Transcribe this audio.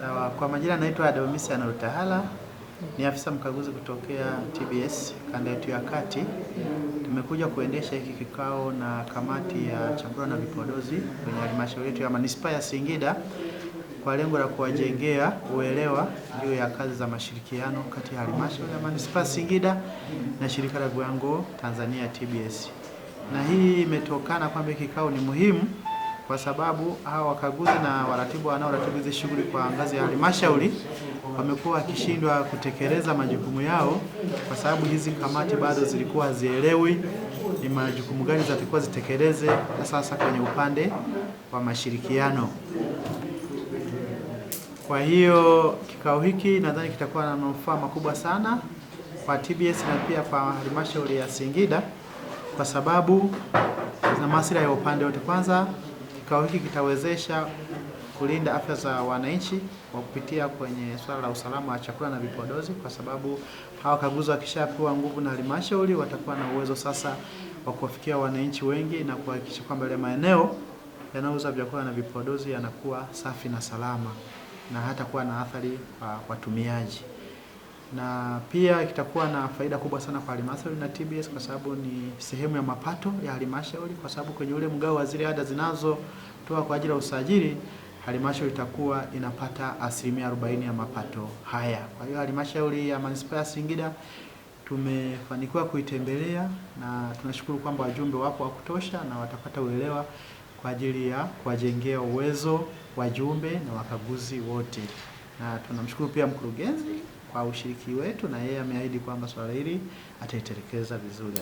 Sawa, uh, kwa majina naitwa Adonisian Anarutahala, ni afisa mkaguzi kutokea TBS kanda yetu ya kati. Tumekuja kuendesha hiki kikao na kamati ya chakula na vipodozi kwenye halmashauri yetu ya manispaa ya Singida kwa lengo la kuwajengea uelewa juu ya kazi za mashirikiano kati ya halmashauri ya manispaa Singida na shirika la viwango Tanzania TBS, na hii imetokana kwamba kikao ni muhimu kwa sababu hawa wakaguzi na waratibu wanaoratibu hizi shughuli kwa ngazi ya halmashauri wamekuwa wakishindwa kutekeleza majukumu yao, kwa sababu hizi kamati bado zilikuwa hazielewi ni majukumu gani zatakuwa zitekeleze. Na sasa kwenye upande wa mashirikiano, kwa hiyo kikao hiki nadhani kitakuwa na manufaa makubwa sana kwa TBS na pia kwa halmashauri ya Singida kwa sababu na maslahi ya upande wote kwanza Kikao hiki kitawezesha kulinda afya za wananchi kwa kupitia kwenye swala la usalama wa chakula na vipodozi, kwa sababu hawa wakaguzi wakishapewa nguvu na halmashauri watakuwa na uwezo sasa wa kuwafikia wananchi wengi na kuhakikisha kwamba ile maeneo yanayouza vyakula na vipodozi yanakuwa safi na salama na hata kuwa na athari kwa watumiaji na pia kitakuwa na faida kubwa sana kwa halmashauri na TBS kwa sababu ni sehemu ya mapato ya halmashauri, kwa sababu kwenye ule mgao wa zile ada zinazotoa kwa ajili ya usajili halmashauri itakuwa inapata asilimia arobaini ya mapato haya. Kwa hiyo halmashauri ya manispaa ya Singida tumefanikiwa kuitembelea na tunashukuru kwamba wajumbe wapo wa kutosha na watapata uelewa kwa ajili ya kuwajengea uwezo wajumbe na wakaguzi wote, na tunamshukuru pia mkurugenzi kwa ushiriki wetu, na yeye ameahidi kwamba swala hili ataitekeleza vizuri.